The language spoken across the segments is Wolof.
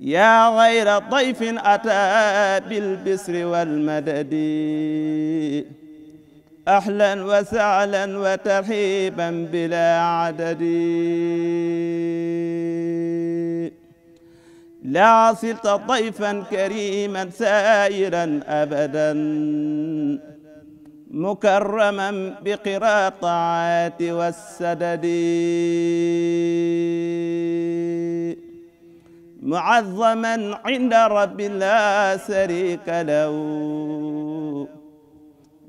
yaa xayra dayfin ataa bil bisri wal madadi ahlan wa sahlan wa tarxiiban bilaa adadi laa silta dayfan kariiman saayiran abadan mukarraman bi qiraa taati wa sadadi معظما عند رب لا شريك له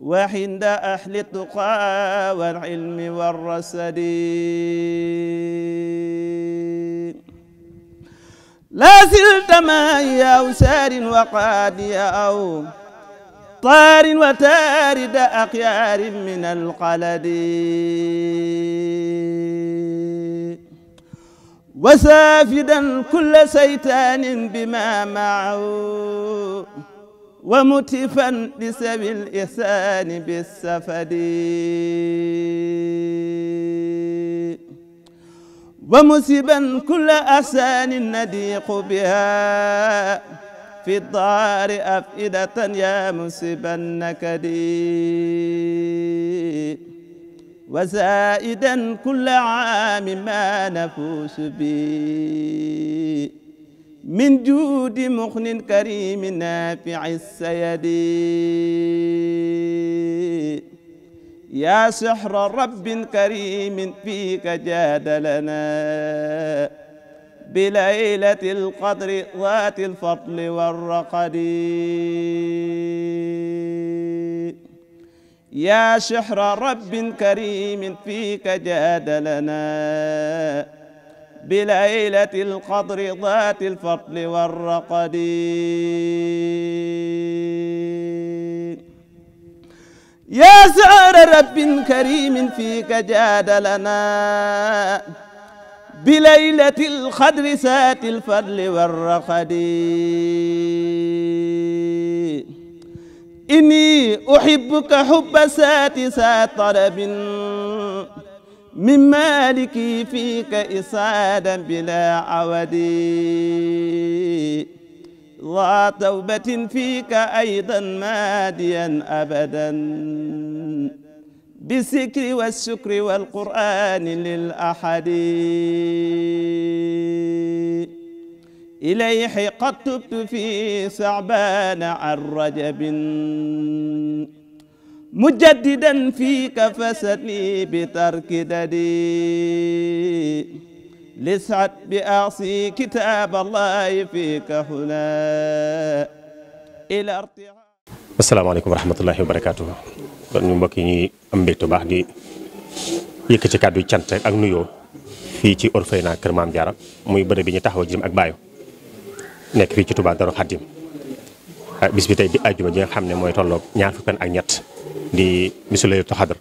وعند أهل التقى والعلم والرشد لا زلت معي أو سار وقادي أو طار وتارد أخيار من القلد وسافدا كل شيطان بما معه ومتفا لسبي الإحسان بالسفد ومسبا كل أحسان نديق بها في الدار أفئدة يا مسب النكد وزائدا كل عام ما نفوس به من جود مخن كريم نافع السيد يا سحر رب كريم فيك جادلنا بليلة القدر ذات الفضل والرقد يا شحر رب كريم فيك جادلنا بليلة القدر ذات الفضل والرقد يا سعر رب كريم فيك جادلنا بليلة القدر ذات الفضل والرقد inni uhibbuka hubba saati saa tarabin min maliki fiika isaadan bila awadi za tawbatin fiika aydan maadiyan abadan bisikri wassukri walqur'ani lil ahadi إليه قد تبت في سعبان عن رجب مجددا فيك فسلي بترك ددي لسعد بأعصي كتاب الله فيك هنا إلى ارتعاء asalaamaaleykum wa rahmatullahi wa barakaatu kon ñu mbokk yi ñuy am mbégte ci kàddu cant ak nuyoo fii ci orphelinat Kër Maam Jaara muy bërëb bi ñu taxaw jëm ak baayo nekk fii ci Touba Darou Khadim ah, bis bi tey di àjjuma ji nga xam ne mooy tolloog ñaar fukki fan ak ñett di bisu laylatul xadr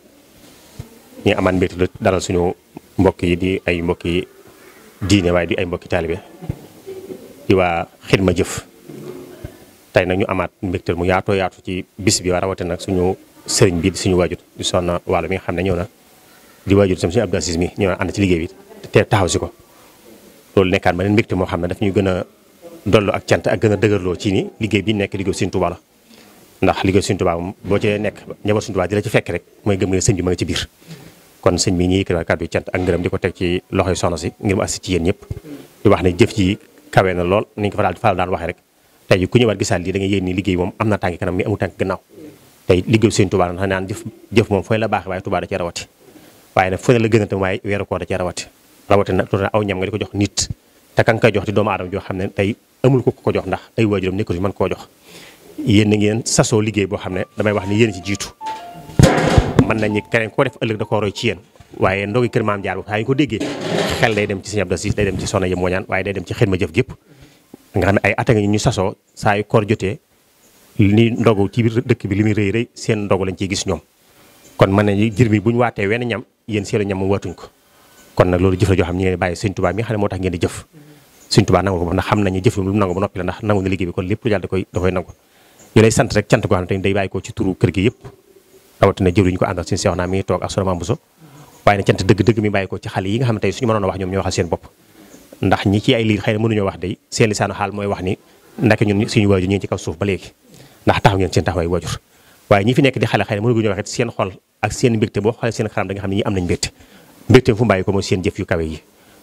ñu amaan mbégte lu dalal suñu mbokk yi di ay mbokk yi diine waaye di ay mbokki taalibe di waa xidma jëf tey nag ñu amaat mbégte mu yaatoo yaatu ci bis bi waa rawate nag suñu sëriñ bi suñu waajur di soxna wàllu mi nga xam ne ñëw na di waajur sam suñu Abdou Aziz mi ñëw na ànd ci liggéey bi te taxaw si ko loolu nekkaat ma daf ñu gën a dollu ak cant ak gën a dëgërloo ci ni liggéey bi nekk liggéey Sëñ Tuubaa la ndax liggéey Sëñ Tuubaa nekk njaboot Sëñ Tuubaa di la ci gëm nga sëñ bi ma nga ci biir kon sëñ bi ñuy yëkkati kàddu ko teg ci loxoy soxna si ngir wax ne jëf ji kawe lool ko faral faral daan waxee rek tey ku ñëwaat gisaat lii da nga liggéey moom am na tànk kanam naan jëf jëf moom fooy la baax waaye Tuubaa da ci rawati waaye nag gën a tam waaye weeru aw ñam nga di ko jox nit te kan koy jox di doomu aadama joo xam ne tey amul ku ko jox ndax ay waajuram nekkul fi mën koo jox yéen na ngeen sasoo liggéey boo xam ne damay wax ni yéen ci jiitu mën nañu keneen koo def ëllëg da koo ci yéen waaye ndogi kër maam jaar boobu saa ñu ko déggee xel day dem ci Sëñ Abdou dem ci Soxna Yem Wañaan waaye day dem ci xel ma jëf gépp a ngi ñu sasoo saa yu koor jotee li ndogu ci biir dëkk bi li muy rëy rëy seen ndogu lañ ciy gis ñoom kon mën nañu jër mi bu ñu waatee wenn ñam yéen seenu ñam watuñ ko kon nag loolu jëf la joo xam ñu ngeen bàyyi Sëñ Tuubaa xam ne moo tax ngeen di jëf Sëriñ Tuubaa nangul ko bopp ndax xam nañu jëf lu mu nangu ba noppi la ndax nangu na liggéey bi kon lépp lu jàll da koy da nangu ñu lay sant rek cant koo xam ne day bàyyi ko ci xale yi nga xam ne tey suñu a wax ñoom ñoo waxal waajur ñu ngi ci kaw suuf ba léegi ndax taxaw ngeen seen taxawaay waajur waaye ñi fi nekk di xale xëy na mënuñu wax seen xol ak seen mbégte boo xoolee seen xaram da xam ne ñi am nañ mbégte mbégte fu mbàyyi ko mooy seen jëf yu kawe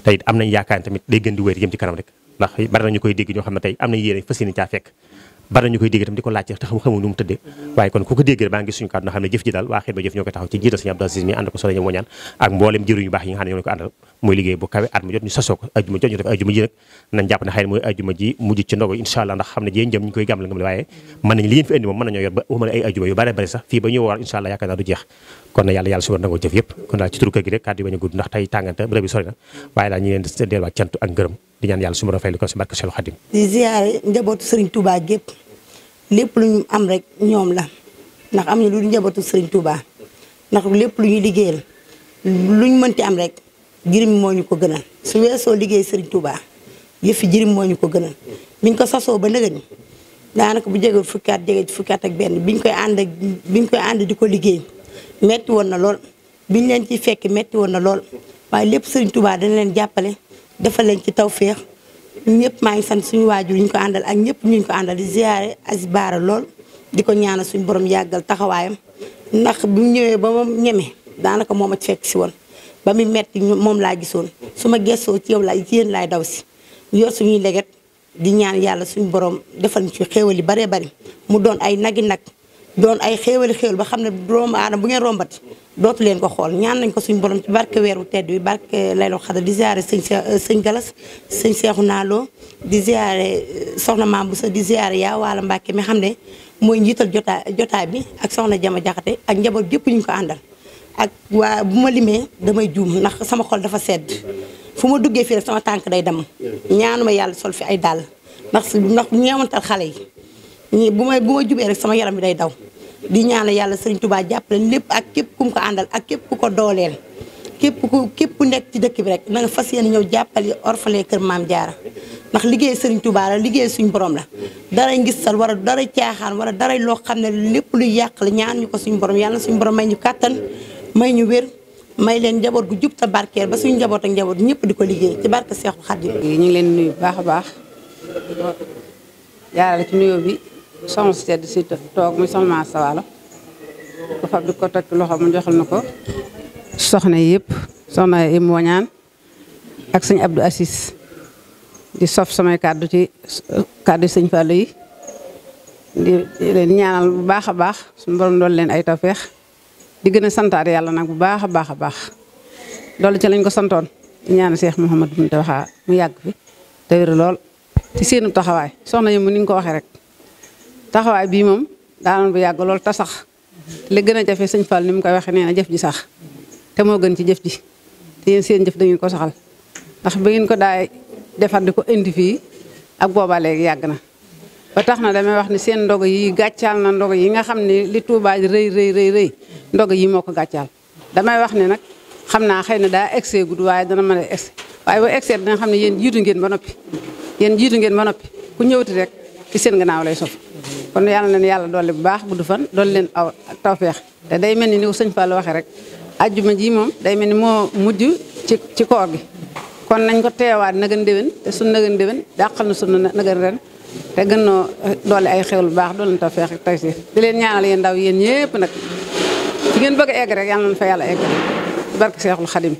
tey am nañ yaakaar tamit day gën di wéy jëm ci kanam rek ndax bari nañu koy dégg ñoo xam ne tey am nañ yéene fas yéene fekk bari nañu koy dégg di ko laajte na xam ne jëf ji daal waa Xidma jëf ci jiital ne ñoo ne na mooy ajuma ji mujj ci ndogo incha allah ndax xam ne jeen jëm ñu koy gàmmal ngam waaye mën nañ li ngeen fi indi moom mën nañoo yor ba ay ajuma yu bare bare sax fii ba ñu woor incha allah yaakaar naa du jeex kon na yàlla yàlla suba nangoo jëf yëpp kon daal ci turu gi rek kàddu yi bañ a gudd ndax tey tàngante bërëb bi sori na waaye daal ñu leen di delluwaat cant ak ngërëm di ñaan yàlla suba fay li ko si barke Seexul Xadim di ziare njabootu Serigne Touba lépp lu ñu am rek ñoom la ndax am na lu njabootu Serigne Touba ndax lépp lu ñuy liggéeyal luñ mënti am rek jirim moo ñu ko gënal su weesoo liggéey Serigne Touba yëfi jirim moo ñu ko gënal biñ ko sasoo ba nëgëñ daanaka bu jege fukki at jege fukki at ak benn biñ koy ànd ak biñ koy ànd di ko liggéey metti woon na lool biñ leen ci fekk metti woon na lool waaye lépp sëriñ Touba dañ leen jàppale defal leen ci tawféex ñëpp maa ngi sant suñu waajur ñu ko àndal ak ñëpp ñu ko àndal di ziare as baara lool di ko ñaanal suñu borom yàggal taxawaayam ndax bu ñëwee ba ma ñeme daanaka moom a fekk si woon ba mu metti moom laa gisoon su ma gestoo ci yow laay ci yéen laay daw si yor suñuy leget di ñaan yàlla suñu borom defal ñu ci xéewal yi baree bari mu doon ay nagi nag doon ay xéewali xéewal ba xam ne doomu aadama bu ngeen rombati dootu leen ko xool ñaan nañ ko suñu borom ci barke weeru tedd bi barke laylu xadar di ziare sëñ euh, sëñ galas sëñ seexu naaloo di ziare euh, soxna maam bu sa di ziare yaa waala mbàkke mi xam ne mooy njiital jotaa jotaay bi ak soxna jama jaxate ak njaboot gépp ñu ko àndal ak waa bu ma limee damay juum ndax sama xol dafa sedd fu ma duggee fii rek sama tànk day dem ñaanuma yàlla sol fi ay dàll ndax xale yi ñii bu may bu ma jubee rek sama yaram bi day daw di ñaan yàlla sëriñ Touba jàppale lépp ak képp ku ko àndal ak képp ku ko dooleel képp ku képp ku nekk ci dëkk bi rek na nga fas yéene ñëw jàppale orphelin kër maam jaara ndax liggéey sëriñ Touba la liggéey suñu borom la daray ngistal war a daray caaxaan war daray loo xam ne lépp luy yàq la ñaan ñu ko suñu borom yàlla suñu borom may ñu kàttan may ñu wér may leen njaboot gu jub sa barkeel ba suñ njaboot ak njaboot ñëpp di ko liggéey ci barke Seexul Xaadim ñu ngi leen nuyu bu baax a baax soxna si sedd si toog muy soxna maa sawaalo ko fab joxal na ko soxna yëpp soxna yi mooñaan ak sëñ Abdou Assis di sof samay kàddu ci kàddu sëñ yi di leen ñaanal bu baax a baax suñu borom dool leen ay tawfeex di gën a santaat yàlla nag bu baax a baax a baax doolu ci lañ ko santoon di seex Cheikh Mouhamadou mu te mu yàgg fi te wér lool ci seenu taxawaay soxna yi mu ni nga ko waxee rek taxawaay bii moom daanoon bu yàgg lool ta sax li gën a jafe sëñ Fall ni mu koy waxee nee na jëf sax te moo gën ci jëf ji te seen jëf da ko saxal ndax ba ngeen ko daay defar ko indi fii ak boobaa léegi yàgg na. ba tax na damay wax ni seen ndog yi gàccaal na ndog yi nga xam ne li Touba di rëy rëy rëy rëy ndog yi moo ko gàccaal damay wax ne nag xam naa xëy na daa egsee gudd waaye dana mën a egsi waaye boo egsee dina xam ne yéen jiitu ngeen ba noppi yéen jiitu ngeen ba noppi ku ñëwati rek. ci seen gannaaw lay sof kon yàlla leen yàlla doole bu baax gudd fan dolli leen aw tawféex te day mel ni ni sëñ Fall waxee rek ajjuma ji moom day mel ni moo mujj ci ci koor gi kon nañ ko teewaat nagan déwén te sun nagan déwén dàqal na sunu nagan ren te gën noo doole ay xewal bu baax doole na tawféex ak tawféex di leen ñaanal yéen ndaw yéen ñëpp nag ci ngeen bëgg a rek yàlla na fa yàlla egg barke Seexul Xadim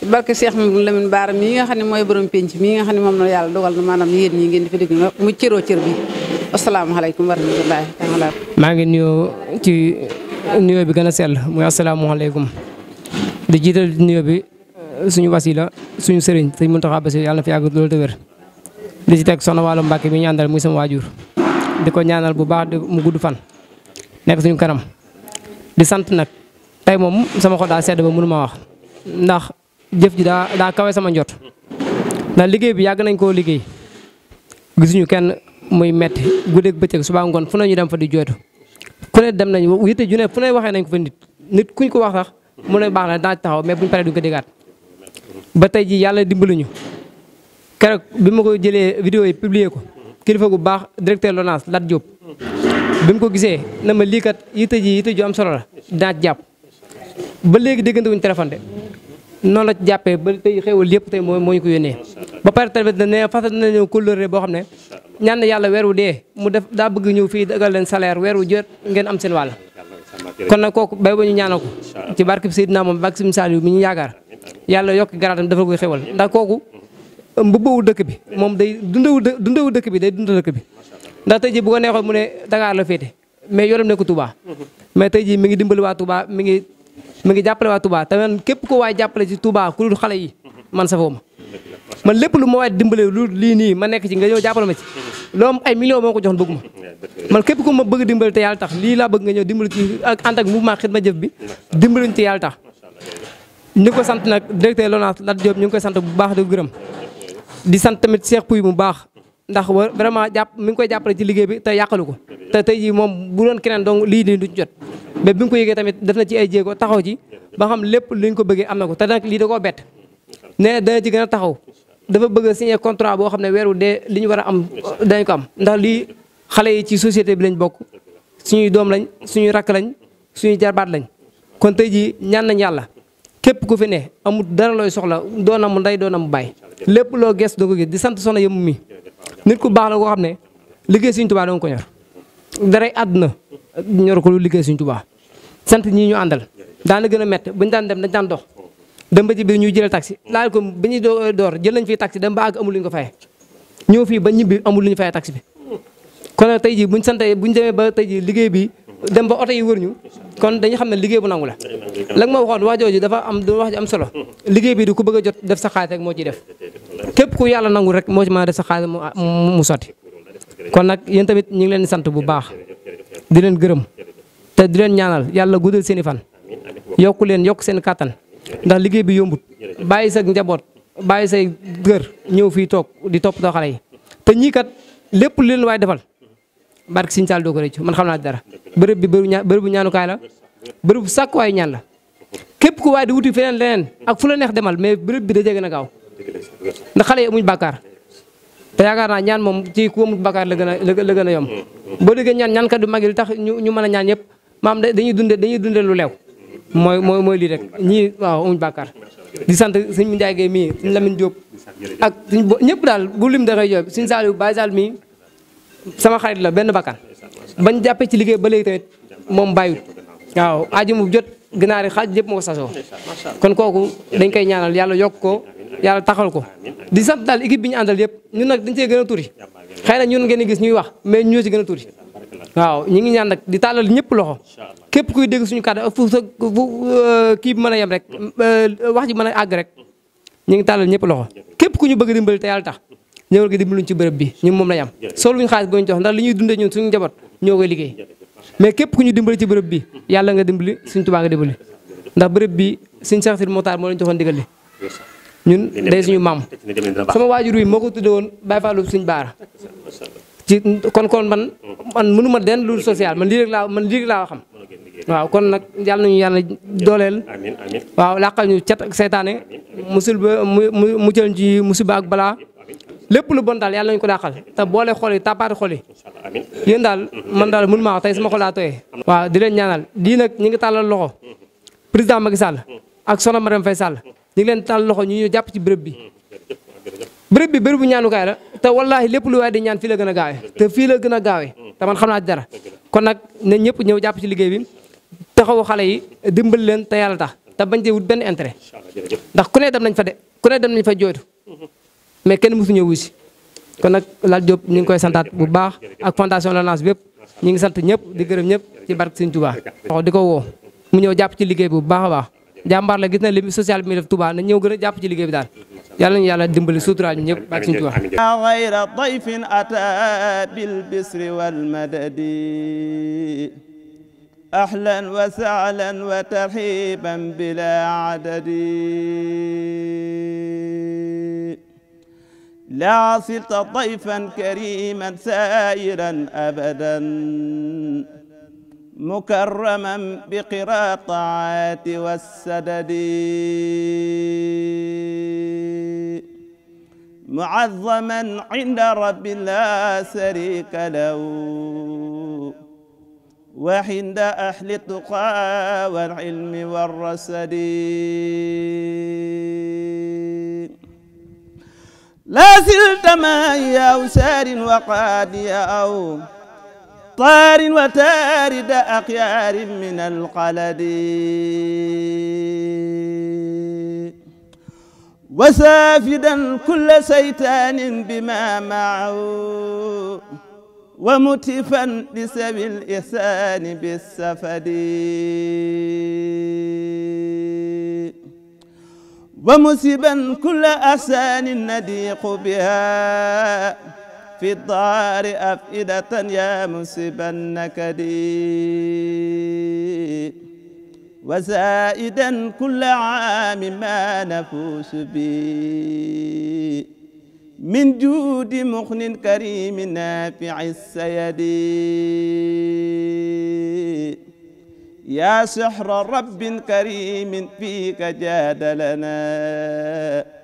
seex barke Cheikh Lamine Bara mii nga xam ne mooy borom penc mii nga xam ne moom la yàlla dogal na maanaam yéen ñi ngeen di fi dégg mu cëroo cër bi asalaamaaleykum wa maa ngi nuyoo ci nuyoo bi gën a sell muy asalaamaaleykum di jiital nuyoo bi uh, suñu wasila suñu sëriñ sëñ Mountakha Bassirou yàlla na fi yàgg loolu te wér di ci teg soxna wàllu Mbàkke bi ñu àndal muy sama waajur di ko ñaanal bu baax mu gudd fan nekk suñu kanam di sant nag tey moom sama xol daa mënu ma wax jëf ji daa daa kawe sama njot ndax liggéey bi yàgg nañ koo liggéey gisuñu kenn muy metti guddeeg bëccëg subaa ngoon fu ne ñu dem fa di jooytu ku ne dem nañ yitte ju ne fu ne waxee nañ ko fa nit nit kuñ ko wax sax mu ne baax na daa taxaw mais buñ paree duñ ko déggaat ba tey ji yàlla dimbaluñu keroog bi ma ko jëlee vidéo yi publier ko kilifa gu baax directeur LONASE Lat Diop bi mu ko gisee na ma lii kat yitte ji yitte ju am solo la daa jàpp ba léegi déggante wuñ téléphone noonu la ci jàppee ba tey xewal yëpp tey moo moo ñu ko yónnee ba pare tamit ne fasal nañu kóllëre boo xam ne ñaan na yàlla weer wu dee mu def daa bëgg ñëw fii dëggal leen salaire weer jot ngeen am seen wàll kon nag kooku bay ba ñu ñaanal ko ci barke Seydina moom barke Sëriñ Saliou mi ñu yaakaar yàlla yokk garaatam dafa koy xewal ndax kooku mbubbawu dëkk bi moom day dundawu dundawu dëkk bi day dunda dëkk bi ndax tey ji bu ko neexoon mu ne Dakar la féete mais yoram ne ko mu ngi jàppale waa tubaa te man képp ko waay jàppale ci Touba ku dul xale yi man safoo ma man lépp lu ma waay dimbale lu lii nii ma nekk ci nga ñëw jàppale ma ci loom ay millions moo ko joxoon bëggu ma man képp ko ma bëgg dimbale te yàlla tax lii laa bëgg nga ñëw dimbali ci ak ànd ak mouvement Xidma Jëf bi dimbaluñ ci yàlla tax ñu ko sant nag directeur Lonase Lat Diop ñu ngi koy sant bu baax di gërëm di sant tamit Cheikh Pouy mu baax ndax vraiment jàpp mi ngi koy jàppale ci liggéey bi te yàqalu ko te tey jii moom bu doon keneen donc lii nii duñ jot mais bi nga ko yëgee tamit def na ci ay jéego taxaw ci ba xam lépp liñ ko bëggee am na ko te nag lii da koo bett nee na dana gën a taxaw dafa bëgg a contrat boo xam ne weeru dee li ñu war a am euh, dañ ko am ndax lii xale yi ci société bi lañ bokk suñuy doom lañ suñuy rakk lañ suñuy jarbaat lañ kon tey jii ñaan nañ yàlla képp ku fi ne amut dara looy soxla doon na mu ndey doon na mu bàyyi lépp loo gees doo ko gis di sant soxna yëmu mi nit ku baax la koo xam ne liggéey Sëriñ Tuubaa doon ko ñor daray àdduna ñor ko lu liggéey Sëriñ Tuubaa sant ñi ñu àndal daana gën a métti buñu daan dem dañ daan dox dem ba ci biir ñuy jëlee taxi laal ko bi ñuy eh, door jël nañ fii taxi dem ba àgg amul lu ñu ko fayee ñëw fii ba ñibbi amul lu ñu fayee taxi bi kon a tey jii buñ sante buñ demee ba tey jii liggéey bi dem ba oto yi wër ñu kon dañu xam ne liggéey bu nangu la la nga ma waxoon waa jooju dafa am du wax ji am solo liggéey bi du ko bëgg a jot def sa xaalis rek moo ci def képp ko yàlla nangu rek moo ci mën a def sa xaalis mu sotti kon nag yéen tamit ñu ngi leen di sant bu baax di leen gërëm te di leen ñaanal yàlla guddal seen i fan yokku leen yokk seen kàttan ndax liggéey bi yombut bàyyi sa njaboot bàyyi say gër ñëw fii toog di topp doo xale yi te ñii kat lépp lu leen waay defal barke Sëñ Saal doo ko rëccu man xam naa dara bërëb bi bërëbu ña bërëbu ñaanukaay la sak sàkkuwaayu ñaan la képp ku waay di wuti feneen leneen ak fu la neex demal mais bërëb bi da jege na gaaw ndax xale yi amuñ bàkkaar te yaakaar naa ñaan moom ci ku amut bàkkaar la gën a a yomb boo déggee ñaan ñaan kat du mag yi tax ñu ñu mën a ñaan yëpp maam dañuy dundee dañuy dundee lu leew mooy mooy mooy lii rek ñii waaw amuñ bàkkaar di sant sëñ Ndiaye Guèye mii sëñ Lamine Diop ak suñ ñëpp daal bu lim da koy joob suñ Saliou Baye sama xarit la benn bakkan bañ jàppee ci liggéey ba léegi tamit moom bàyyiwut waaw aju mu jot ginaar yi xaaj yëpp moo ko sasoo kon kooku dañ koy ñaanal yàlla yokk ko yàlla taxal ko di sant daal équipe bi ñu àndal yëpp ñun nag dañ cee gën a turi xëy na ñun ngeen gis ñuy wax mais ñoo ci gën a turi waaw ñu ngi ñaan nag di tàllal ñëpp loxo képp kuy dégg suñu kàddu fu sa fu euh, kii bi mën a yem rek euh, wax ji mën àgg rek ñu ngi tàllal ñëpp loxo képp ku ñu bëgg dimbali te yàlla tax ñëwal nga dimbaluñ bi ñun moom lañ am sol luñ xaalis gooñ ñu dimbali ci bërëb bi yàlla nga dimbali suñ tubaa nga dimbali ndax bërëb bi suñ Cheikh Sidi Mokhtar moo lañ joxoon digal li ñun day suñu maam sama waajur wi moo ko tudde woon Baye Fallou suñ baara ci kon kon man man ma den lu social man lii rek laa man lii rek laa xam waaw kon nag yàlla nañu yàlla dooleel waaw làqal ñu cat ak seytaane musul ba mu mucal ci musiba ak balaa lépp lu bon daal yàlla nañu ko dàqal te boole xol ta tàppaati xol yi daal man daal mun maa wax tey sama xol laa tooyee waaw di leen ñaanal lii ñi ngi tàllal loxo président Macky Sall ak soxna Marième Faye Sall ñu ngi leen tàllal loxo ñu jàpp ci béréb bi béréb bi bérébu kaay la te wallaahi lépp lu waaye di ñaan fii gën a gaawee te fii la gën a gaawee te man xam naa dara kon nag ne ñëpp ñëw jàpp ci liggéey bi xaw xale yi dimbali leen te yàlla tax te bañ cee wut benn ku ne dem nañ ku ne dem nañ mais kenn mësu ñëw kon nag Lat Diop ñu ngi koy santaat bu baax ak fondation Lonase bépp ñu ngi sant ñëpp di gërëm ñëpp ci barke Sëñ Touba. di ko woo mu ñëw jàpp ci liggéey bu baax a baax jàmbaar la gis na li social bi muy def Touba na ñëw gën a jàpp ci liggéey bi daal yàlla ñu yàlla dimbali suutura ñu ñëpp barke a Touba. ghayra dayfin ata bil bisri wal madadi wa sahlan laa silta dayfan kariman saayiran abadan mukarraman bi qiraa taati wassadadi muazzaman inda rabbi laa sharika lahu wa inda ahli tuqaa wal ilmi warrasadi لا زلت معي أو سار وقادي أو طار وتارد أخيار من القلد وسافدا كل سيتان بما معه ومتفا لسبي الإحسان بالسفد ومسبا كل أحسان نديق بها في الدار أفئدة يا مسبا نكدي وزائدا كل عام ما نفوس به من جود مخن كريم نافع السيد يا سحر رب كريم فيك جادلنا